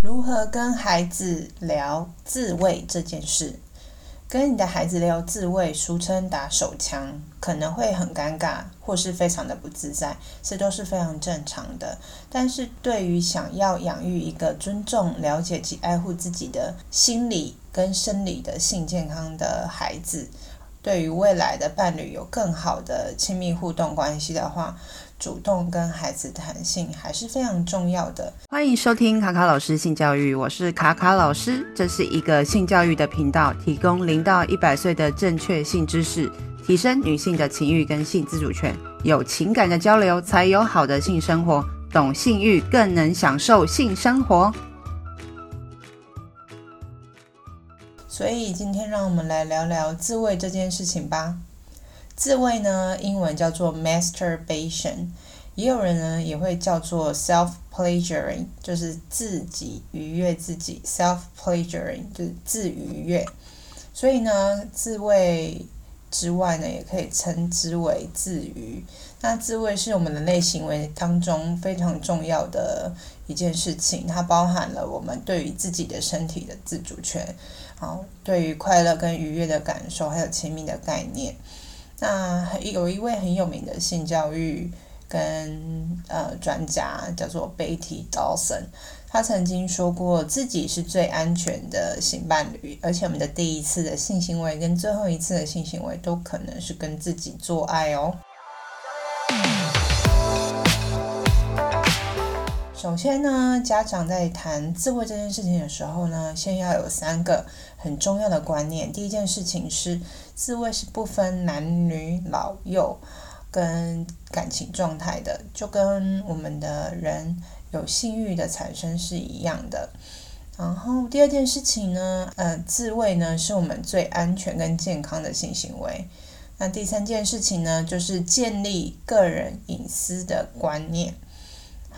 如何跟孩子聊自慰這件事？跟你的孩子聊自慰，俗稱打手槍，可能會很尷尬，或是非常的不自在，這都是非常正常的。但是，對於想要養育一個尊重、了解及愛護自己的心理跟生理的性健康的孩子，對於未來的伴侶有更好的親密互動關係的話，主動跟孩子談性還是非常重要的。歡迎收聽卡卡老師性教育，我是卡卡老師，這是一個性教育的頻道，提供零到一百歲的正確性知識，提升女性的情慾跟性自主權。有情感的交流才有好的性生活，懂性慾更能享受性生活。所以今天讓我們來聊聊自慰這件事情吧。自慰呢，英文叫做 masturbation，也有人呢也會叫做 self pleasuring，就是自己愉悅自己。self pleasuring 就是自愉悅，所以呢，自慰之外呢，也可以稱之為自愉。那自慰是我們人類行為當中非常重要的一件事情，它包含了我們對於自己的身體的自主權，好，對於快樂跟愉悅的感受，還有親密的概念。那有一位很有名的性教育跟呃專家叫做 b 蒂· t y Dawson，他曾經說過，自己是最安全的性伴侶，而且我們的第一次的性行為跟最後一次的性行為都可能是跟自己做愛哦。首先呢，家長在談自慰這件事情的時候呢，先要有三個很重要的觀念。第一件事情是，自慰是不分男女老幼跟感情狀態的，就跟我們的人有性欲的產生是一樣的。然後第二件事情呢，呃，自慰呢是我們最安全跟健康的性行為。那第三件事情呢，就是建立個人隱私的觀念。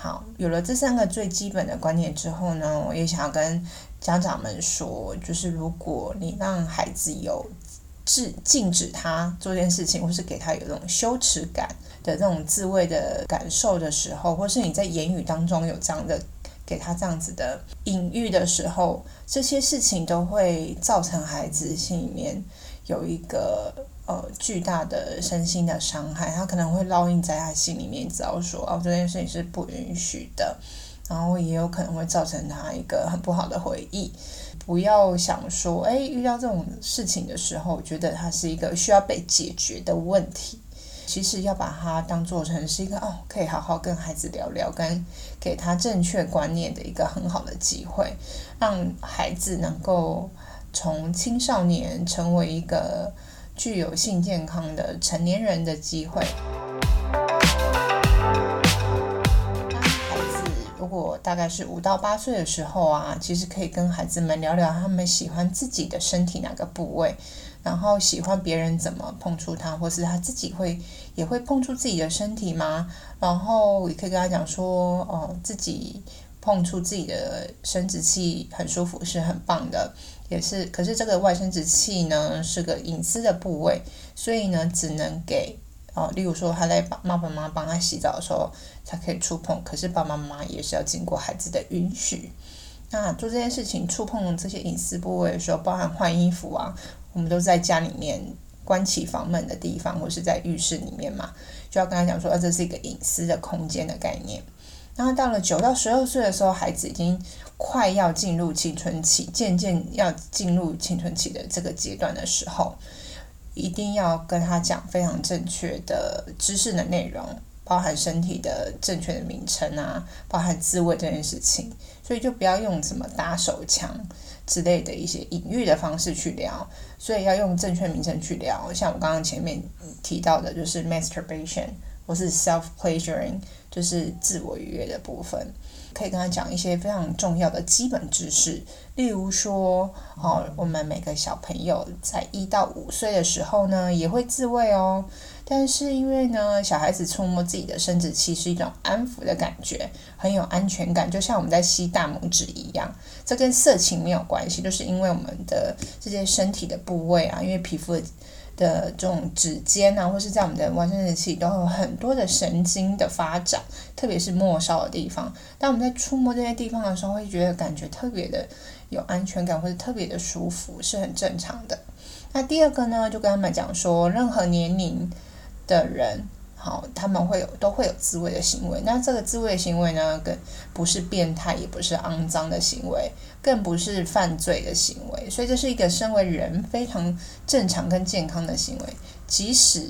好，有了這三個最基本的觀念之後呢，我也想要跟家長們說，就是如果你讓孩子有制禁止他做件事情，或是給他有一種羞恥感的這種自慰的感受的時候，或是你在言語當中有這樣的給他這樣子的隱喻的時候，這些事情都會造成孩子心裡面有一個。呃，巨大的身心的傷害，他可能會烙印在他心裡面，只要說哦、啊，這件事情是不允許的，然後也有可能會造成他一個很不好的回憶。不要想說，誒、欸，遇到這種事情的時候，覺得他是一個需要被解決的問題，其實要把它當做成是一個哦，可以好好跟孩子聊聊，跟給他正確觀念的一個很好的機會，讓孩子能夠從青少年成為一個。具有性健康的成年人的機會。當孩子如果大概是五到八歲的時候啊，其實可以跟孩子們聊聊他們喜歡自己的身體哪個部位，然後喜歡別人怎麼碰觸他，或是他自己會也會碰觸自己的身體嗎？然後也可以跟他講說，呃、嗯，自己。碰觸自己的生殖器很舒服，是很棒的，也是。可是這個外生殖器呢，是個隱私的部位，所以呢，只能給哦，例如說他在爸、爸媽媽幫他洗澡的時候，才可以觸碰。可是爸爸媽媽也是要經過孩子的允許。那做這件事情，觸碰這些隱私部位的時候，包含換衣服啊，我們都在家裡面關起房門的地方，或是在浴室裡面嘛，就要跟他講說，啊、這是一個隱私的空間的概念。然後到了九到十二歲的時候，孩子已經快要進入青春期，漸漸要進入青春期的這個階段的時候，一定要跟他講非常正確的知識的內容，包含身體的正確的名稱啊，包含自慰這件事情，所以就不要用什麼打手槍之類的一些隱喻的方式去聊，所以要用正確名稱去聊，像我剛剛前面提到的，就是 masturbation 或是 self pleasuring。就是自我愉悅的部分，可以跟他講一些非常重要的基本知識，例如說，哦，我們每個小朋友在一到五歲的時候呢，也會自慰哦。但是因為呢，小孩子觸摸自己的生殖器是一種安撫的感覺，很有安全感，就像我們在吸大拇指一樣，這跟色情沒有關係，就是因為我們的這些身體的部位啊，因為皮膚的。的這種指尖吶、啊，或是在我們的生殖器，都有很多的神經的發展，特別是末梢的地方。當我們在觸摸這些地方的時候，會覺得感覺特別的有安全感，或者特別的舒服，是很正常的。那第二個呢，就跟他們講說，任何年齡的人。好，他們會有都會有自慰的行為。那這個自慰的行為呢，跟不是變態，也不是骯髒的行為，更不是犯罪的行為。所以這是一個身為人非常正常跟健康的行為。即使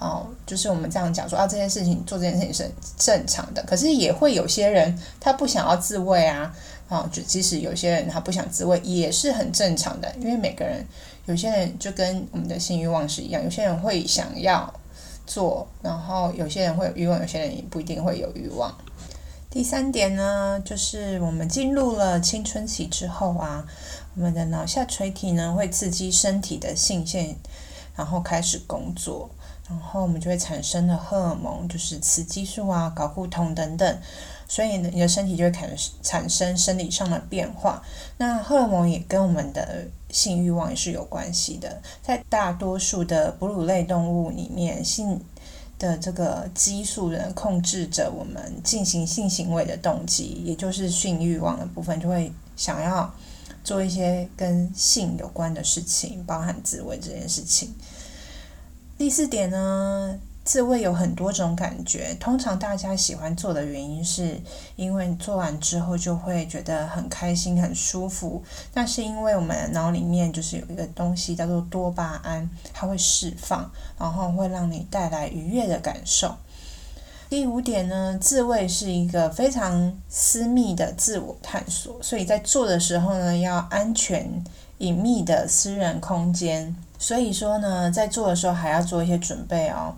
哦，就是我們這樣講說啊，這件事情做這件事情是很正常的。可是也會有些人他不想要自慰啊，啊、哦，就即使有些人他不想自慰也是很正常的。因為每個人有些人就跟我們的性慾望是一樣，有些人會想要。做，然後有些人會有慾望，有些人也不一定會有慾望。第三點呢，就是我們進入了青春期之後啊，我們的腦下垂體呢會刺激身體的性腺，然後開始工作，然後我們就會產生了荷爾蒙，就是雌激素啊、睾固酮等等，所以呢，你的身體就會產產生生理上的變化。那荷爾蒙也跟我們的。性慾望也是有關係的，在大多數的哺乳類動物裡面，性的這個激素呢控制着我們進行性行為的動機，也就是性慾望的部分，就會想要做一些跟性有關的事情，包含自慰這件事情。第四點呢，自慰有很多種感覺，通常大家喜歡做的原因是因為你做完之後就會覺得很開心、很舒服。那是因為我們腦裡面就是有一個東西叫做多巴胺，它會釋放，然後會讓你帶來愉悅的感受。第五點呢，自慰是一個非常私密的自我探索，所以在做的時候呢，要安全、隱秘的私人空間。所以說呢，在做的時候還要做一些準備哦。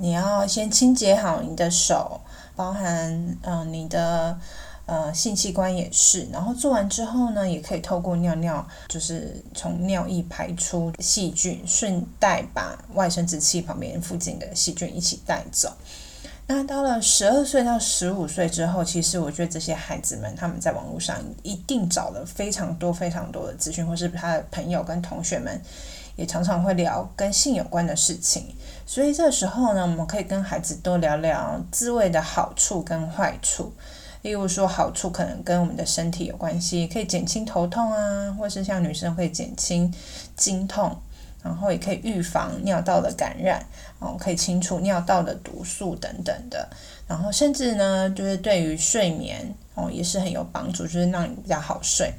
你要先清潔好你的手，包含嗯、呃、你的呃性器官也是。然後做完之後呢，也可以透過尿尿，就是從尿液排出細菌，順帶把外生殖器旁邊附近的細菌一起帶走。那到了十二歲到十五歲之後，其實我覺得這些孩子們他們在網絡上一定找了非常多非常多的資訊，或是他的朋友跟同學們。也常常會聊跟性有關的事情，所以這時候呢，我們可以跟孩子多聊聊自慰的好處跟壞處。例如說，好處可能跟我們的身體有關係，可以減輕頭痛啊，或是像女生會減輕經痛，然後也可以預防尿道的感染哦，可以清除尿道的毒素等等的。然後甚至呢，就是對於睡眠哦，也是很有幫助，就是讓你比較好睡。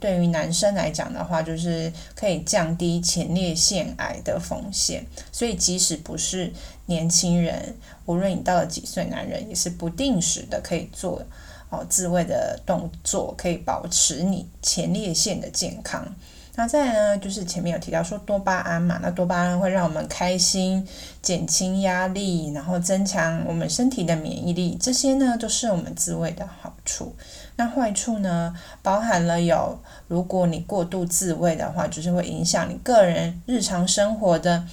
對於男生來講的話，就是可以降低前列腺癌的風險，所以即使不是年輕人，無論你到了幾歲，男人也是不定時的可以做哦自慰的動作，可以保持你前列腺的健康。那再來呢，就是前面有提到說多巴胺嘛，那多巴胺會讓我們開心、減輕壓力，然後增強我們身體的免疫力，這些呢都、就是我們自慰的好處。那壞處呢，包含了有，如果你過度自慰的話，就是會影響你個人日常生活的，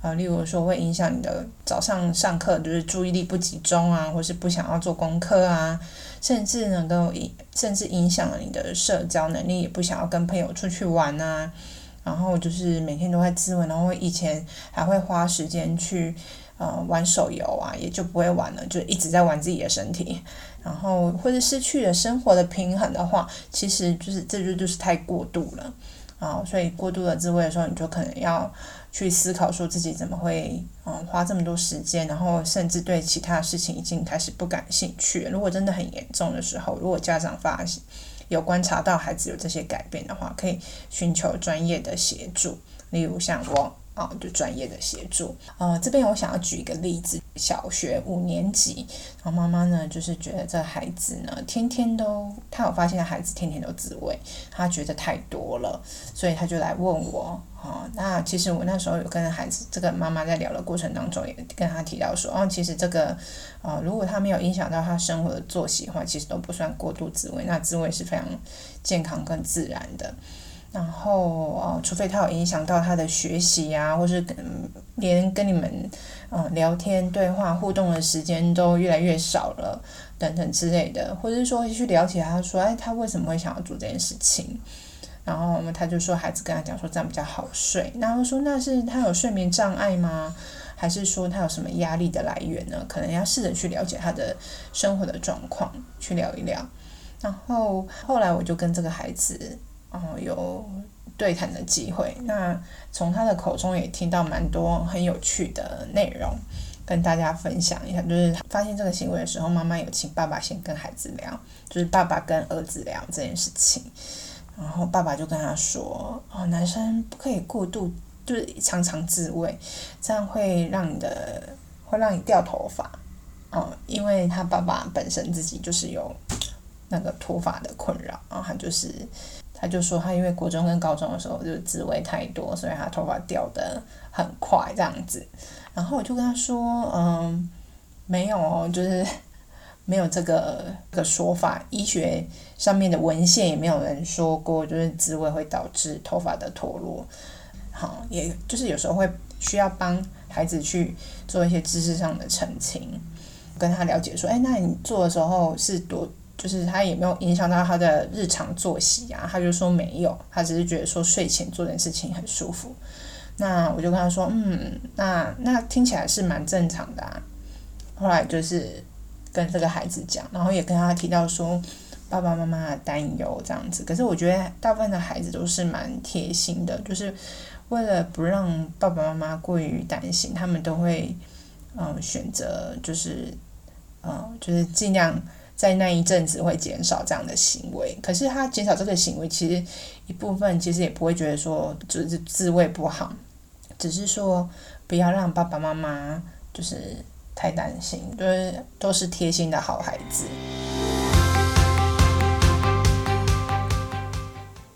啊，例如說會影響你的早上上課，就是注意力不集中啊，或是不想要做功課啊，甚至能夠，甚至影響了你的社交能力，也不想要跟朋友出去玩啊，然後就是每天都在自慰，然後會以前還會花時間去。呃、嗯，玩手遊啊，也就不會玩了，就一直在玩自己的身體，然後或者，失去了生活的平衡的話，其實就是這就就是太過度了啊、嗯。所以過度的自慰的時候，你就可能要去思考說自己怎麼會嗯花這麼多時間，然後甚至對其他事情已經開始不感興趣。如果真的很嚴重的時候，如果家長發現有觀察到孩子有這些改變的話，可以尋求專業的協助，例如像我。啊、哦，就專業的協助。呃，這邊我想要舉一個例子，小學五年級，然後媽媽呢就是覺得這孩子呢天天都，她有發現孩子天天都自慰，她覺得太多了，所以她就來問我。哦，那其實我那時候有跟孩子這個媽媽在聊的過程當中，也跟她提到說，哦，其實這個，呃，如果他沒有影響到他生活的作息的話，其實都不算過度自慰。那自慰是非常健康跟自然的。然後，呃、哦，除非他有影響到他的學習啊，或是跟連跟你們嗯、呃、聊天對話互動的時間都越來越少了，等等之類的，或者是說去了解他說，哎，他為什麼會想要做這件事情？然後，他就說孩子跟他講說這樣比較好睡。那他說那是他有睡眠障礙嗎？還是說他有什麼壓力的來源呢？可能要試着去了解他的生活的狀況，去聊一聊。然後後來我就跟這個孩子。哦，有對談的機會。那從他的口中也聽到蠻多很有趣的內容，跟大家分享一下。就是發現這個行為的時候，媽媽有請爸爸先跟孩子聊，就是爸爸跟兒子聊這件事情。然後爸爸就跟他說：“哦，男生不可以過度，就是常常自慰，這樣會讓你的會讓你掉頭髮。”哦，因為他爸爸本身自己就是有那個脫髮的困擾，哦，然後他就是。他就說，他因為國中跟高中的時候就是自慰太多，所以他頭髮掉得很快這樣子。然後我就跟他說，嗯，沒有哦，就是沒有這個、這個說法，醫學上面的文獻也沒有人說過，就是自慰會導致頭髮的脫落。好，也就是有時候會需要幫孩子去做一些知識上的澄清，跟他了解說，哎，那你做的時候是多就是他也沒有影響到他的日常作息啊，他就說沒有，他只是覺得說睡前做點事情很舒服。那我就跟他說，嗯，那那聽起來是蠻正常的啊。後來就是跟這個孩子講，然後也跟他提到說爸爸媽媽的擔憂這樣子。可是我覺得大部分的孩子都是蠻貼心的，就是為了不讓爸爸媽媽過於擔心，他們都會嗯、呃、選擇就是嗯、呃、就是盡量。在那一陣子會減少這樣的行為，可是他減少這個行為，其實一部分其實也不會覺得說就是自慰不好，只是說不要讓爸爸媽媽就是太擔心，就是都是貼心的好孩子。嗯、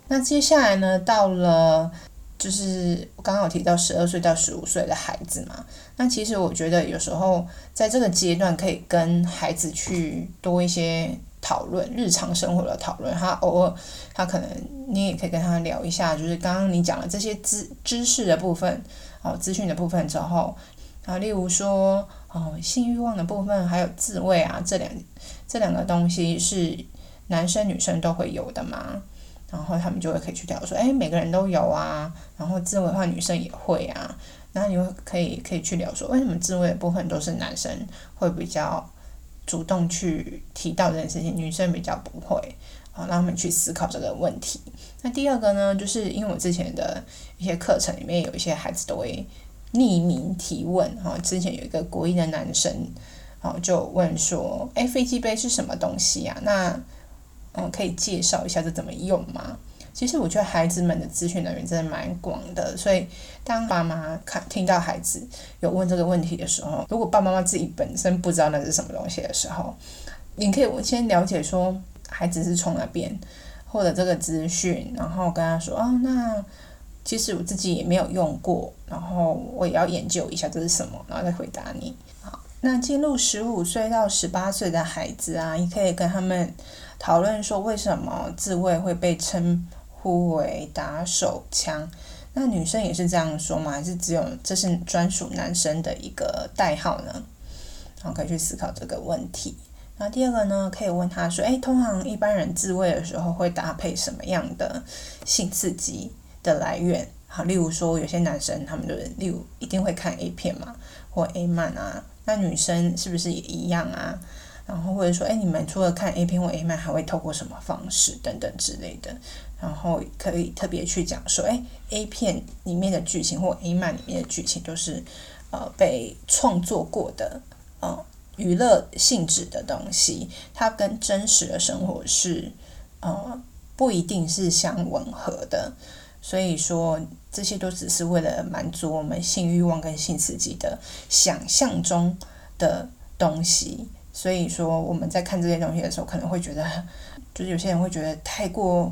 那接下來呢，到了。就是我剛剛有提到十二歲到十五歲的孩子嘛，那其實我覺得有時候在這個階段可以跟孩子去多一些討論，日常生活的討論。他偶爾他可能你也可以跟他聊一下，就是剛剛你講了這些知知識的部分，哦，資訊的部分之後，啊例如說哦，性慾望的部分，還有自慰啊，這兩這兩個東西是男生女生都會有的嘛。然後他們就會可以去聊說，哎，每個人都有啊，然後自慰的話，女生也會啊，然後你又可以可以去聊說，為什麼自慰的部分都是男生會比較主動去提到這件事情，女生比較不會，好，讓他們去思考這個問題。那第二個呢，就是因為我之前的一些課程裡面，有一些孩子都會匿名提問，哈，之前有一個國一的男生，然後就問說，哎，飛機杯是什麼東西呀？那嗯、哦，可以介紹一下這怎麼用嗎？其實我覺得孩子們的資訊來源真的蠻廣的，所以當爸媽看聽到孩子有問這個問題的時候，如果爸媽媽自己本身不知道那是什麼東西的時候，你可以先了解說孩子是從哪邊獲得這個資訊，然後跟他說：“哦，那其實我自己也沒有用過，然後我也要研究一下這是什麼，然後再回答你。”好，那進入十五歲到十八歲的孩子啊，你可以跟他們。討論說為什麼自慰會被稱呼為打手槍？那女生也是這樣說嗎？還是只有這是專屬男生的一個代號呢？然後可以去思考這個問題。然後第二個呢，可以問他說，誒，通常一般人自慰的時候會搭配什麼樣的性刺激的來源？好，例如說有些男生他們就是例如一定會看 A 片嘛，或 A 漫啊。那女生是不是也一樣啊？然後或者說，哎，你們除了看 A 片或 A 漫還會透過什麼方式等等之類的？然後可以特別去講說，哎，A 片裡面的劇情或 A 漫裡面的劇情都、就是呃被創作過的，嗯、呃，娛樂性質的東西，它跟真實的生活是呃不一定是相吻合的。所以說，這些都只是為了滿足我們性欲望跟性刺激的想象中的東西。所以說我們在看這些東西的時候，可能會覺得，就是有些人會覺得太過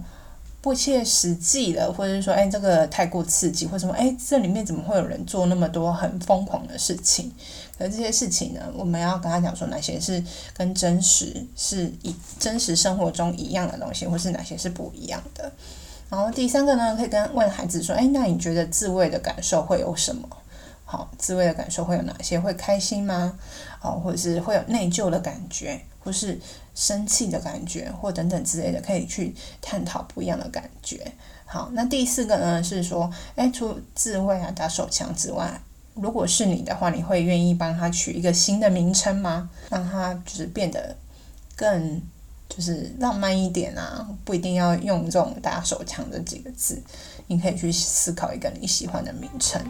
不切實際了，或者是說，哎，這個太過刺激，或者什麼，哎，這裡面怎麼會有人做那麼多很瘋狂的事情？可是這些事情呢，我們要跟他講說，哪些是跟真實是一真實生活中一樣的東西，或是哪些是不一樣的。然後第三個呢，可以跟問孩子說，哎，那你覺得自慰的感受會有什麼？好，自慰的感受會有哪些？會開心嗎？哦、或者是會有內疚的感覺，或是生氣的感覺，或等等之類的，可以去探討不一樣的感覺。好，那第四個呢是說，哎，除自慰啊、打手槍之外，如果是你的話，你會願意幫他取一個新的名稱嗎？讓他就是變得更就是浪漫一點啊，不一定要用這種打手槍的幾個字，你可以去思考一個你喜歡的名稱。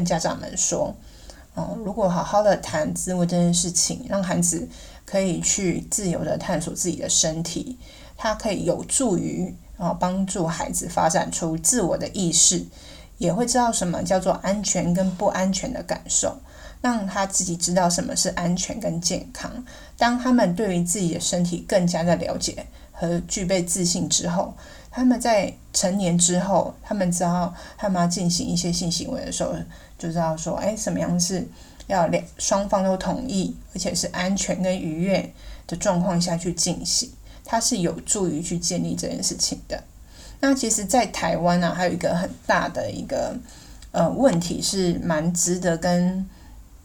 跟家長們說：“嗯、哦，如果好好的談自慰這件事情，讓孩子可以去自由的探索自己的身體，它可以有助於啊、哦、幫助孩子發展出自我的意識，也會知道什麼叫做安全跟不安全的感受，讓他自己知道什麼是安全跟健康。當他們對於自己的身體更加的了解和具備自信之後，他們在成年之後，他們知道他們要進行一些性行為的時候。”就知道說，哎，什麼樣是要兩雙方都同意，而且是安全跟愉悅的狀況下去進行，它是有助於去建立這件事情的。那其實，在台灣呢、啊，還有一個很大的一個呃問題，是蠻值得跟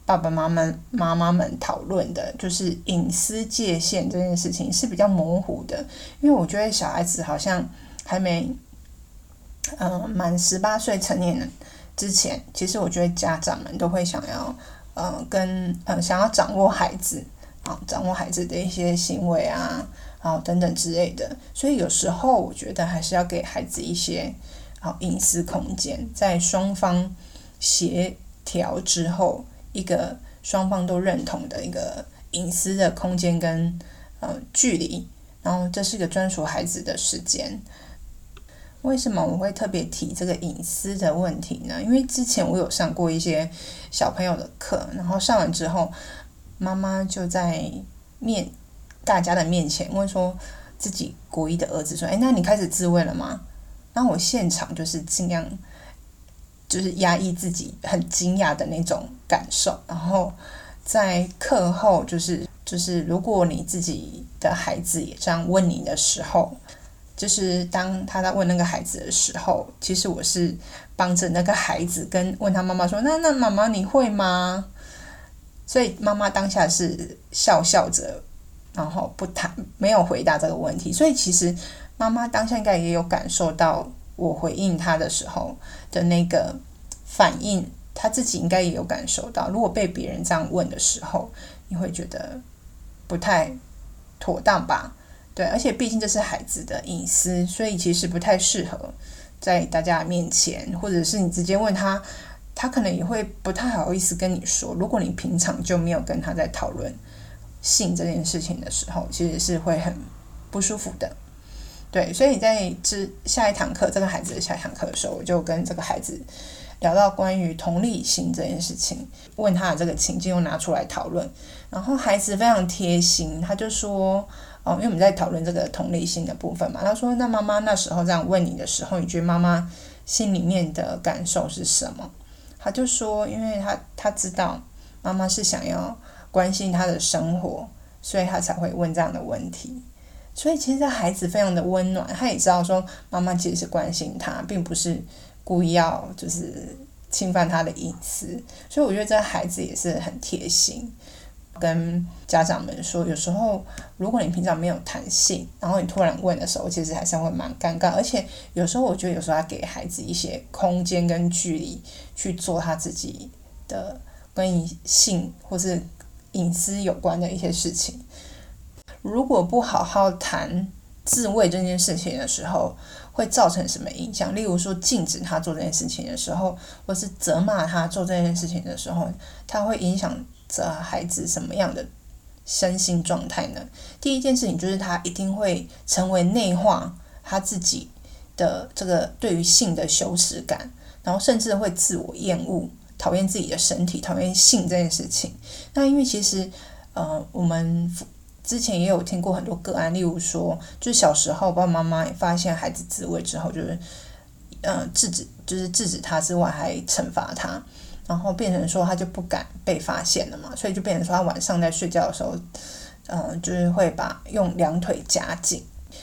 爸爸媽媽媽媽們討論的，就是隱私界限這件事情是比較模糊的，因為我覺得小孩子好像還沒，嗯、呃，滿十八歲成年人。之前，其實我覺得家長們都會想要，嗯、呃、跟嗯、呃、想要掌握孩子，啊，掌握孩子的一些行為啊，啊等等之類的。所以有時候我覺得還是要給孩子一些啊隱私空間，在雙方協調之後，一個雙方都認同的一個隱私的空間跟嗯、啊、距離，然後這是一個專屬孩子的時間。為什麼我會特別提這個隱私的問題呢？因為之前我有上過一些小朋友的課，然後上完之後，媽媽就在面大家的面前問說：“自己國一的兒子說，哎，那你開始自慰了嗎？”那我現場就是盡量就是壓抑自己很驚訝的那種感受，然後在課後就是就是如果你自己的孩子也這樣問你的時候。就是當他在問那個孩子的時候，其實我是幫着那個孩子跟問他媽媽說：“那那媽媽你會嗎？”所以媽媽當下是笑笑着，然後不談，沒有回答這個問題。所以其實媽媽當下應該也有感受到我回應他的時候的那個反應，她自己應該也有感受到。如果被別人這樣問的時候，你會覺得不太妥當吧？對，而且畢竟這是孩子的隱私，所以其實不太適合在大家面前，或者是你直接問他，他可能也會不太好意思跟你說。如果你平常就沒有跟他在討論性這件事情的時候，其實是會很不舒服的。對，所以在這下一堂課，這個孩子的下一堂課的時候，我就跟這個孩子聊到關於同理心這件事情，問他的這個情境，又拿出來討論，然後孩子非常貼心，他就說，哦，因為我們在討論這個同理心的部分嘛。他說：“那媽媽那時候這樣問你的時候，你覺得媽媽心裡面的感受是什麼？”他就說：“因為他他知道媽媽是想要關心他的生活，所以他才會問這樣的問題。所以其實這孩子非常的溫暖，他也知道說媽媽其實是關心他，並不是故意要就是侵犯他的隱私。所以我覺得這孩子也是很貼心。”跟家長們說，有時候如果你平常沒有談性，然後你突然問的時候，其實還是會蠻尷尬。而且有時候我覺得，有時候要給孩子一些空間跟距離，去做他自己的跟性或是隱私有關的一些事情。如果不好好談自慰這件事情的時候，會造成什麼影響？例如說禁止他做這件事情的時候，或是責罵他做這件事情的時候，他會影響。這孩子什麼樣的身心狀態呢？第一件事情就是他一定會成為內化他自己的這個對於性的羞恥感，然後甚至會自我厭惡、討厭自己的身體、討厭性這件事情。那因為其實，呃，我們之前也有聽過很多個案，例如說，就是小時候爸爸媽媽也發現孩子自慰之後，就是嗯、呃，制止，就是制止他之外，還懲罰他。然後變成說他就不敢被發現了嘛，所以就變成說他晚上在睡覺的時候，嗯、呃，就是會把用兩腿夾緊，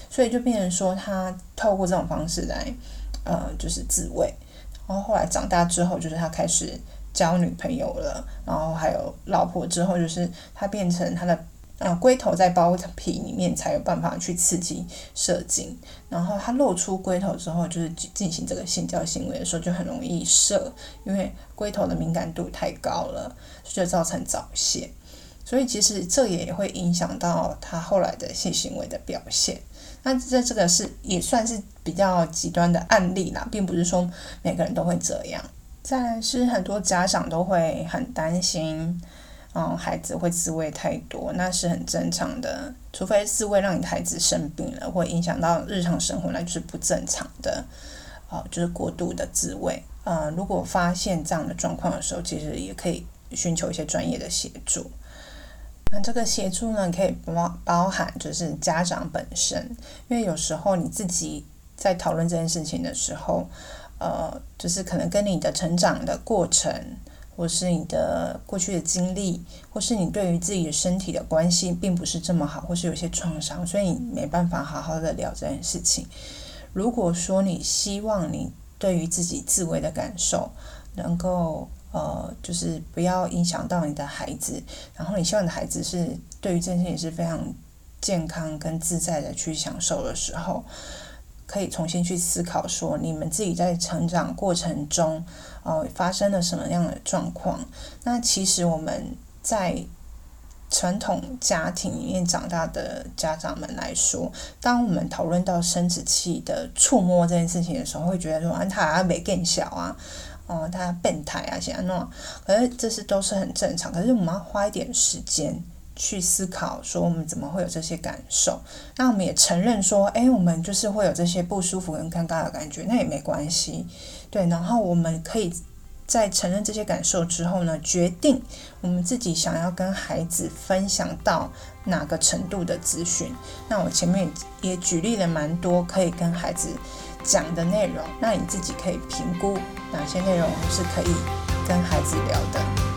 所以就變成說他透過這種方式來，嗯、呃，就是自慰。然後後來長大之後，就是他開始交女朋友了，然後還有老婆之後，就是他變成他的。啊，龜頭在包皮裡面才有辦法去刺激射精，然後它露出龜頭之後，就是進行這個性交行為的時候就很容易射，因為龜頭的敏感度太高了，所以就造成早洩。所以其實這也會影響到他後來的性行為的表現。那這這個是也算是比較極端的案例啦，並不是說每個人都會這樣。但是很多家長都會很擔心。嗯，孩子會自慰太多，那是很正常的。除非自慰讓你的孩子生病了，或影響到日常生活，那就是不正常的。哦、嗯，就是過度的自慰。呃，如果發現這樣的狀況的時候，其實也可以尋求一些專業的協助。那這個協助呢，可以包包含就是家長本身，因為有時候你自己在討論這件事情的時候，呃，就是可能跟你的成長的過程。或是你的過去的經歷，或是你對於自己的身體的關係並不是這麼好，或是有些創傷，所以你沒辦法好好的聊這件事情。如果說你希望你對於自己自慰的感受能夠呃，就是不要影響到你的孩子，然後你希望你的孩子是對於這件事情也是非常健康跟自在的去享受的時候。可以重新去思考，說你們自己在成長過程中，呃，發生了什麼樣的狀況？那其實我們在傳統家庭裡面長大的家長們來說，當我們討論到生殖器的觸摸這件事情的時候，會覺得說，他沒變小啊，哦、呃，他變態啊，這樣弄，可是這些都是很正常。可是我們要花一點時間。去思考說，我們怎麼會有這些感受，那我們也承認說，欸，我們就是會有這些不舒服跟尷尬的感覺，那也沒關係，對。然後我們可以在承認這些感受之後呢，決定我們自己想要跟孩子分享到哪個程度的資訊。那我前面也舉例了蠻多可以跟孩子講的內容，那你自己可以評估哪些內容是可以跟孩子聊的。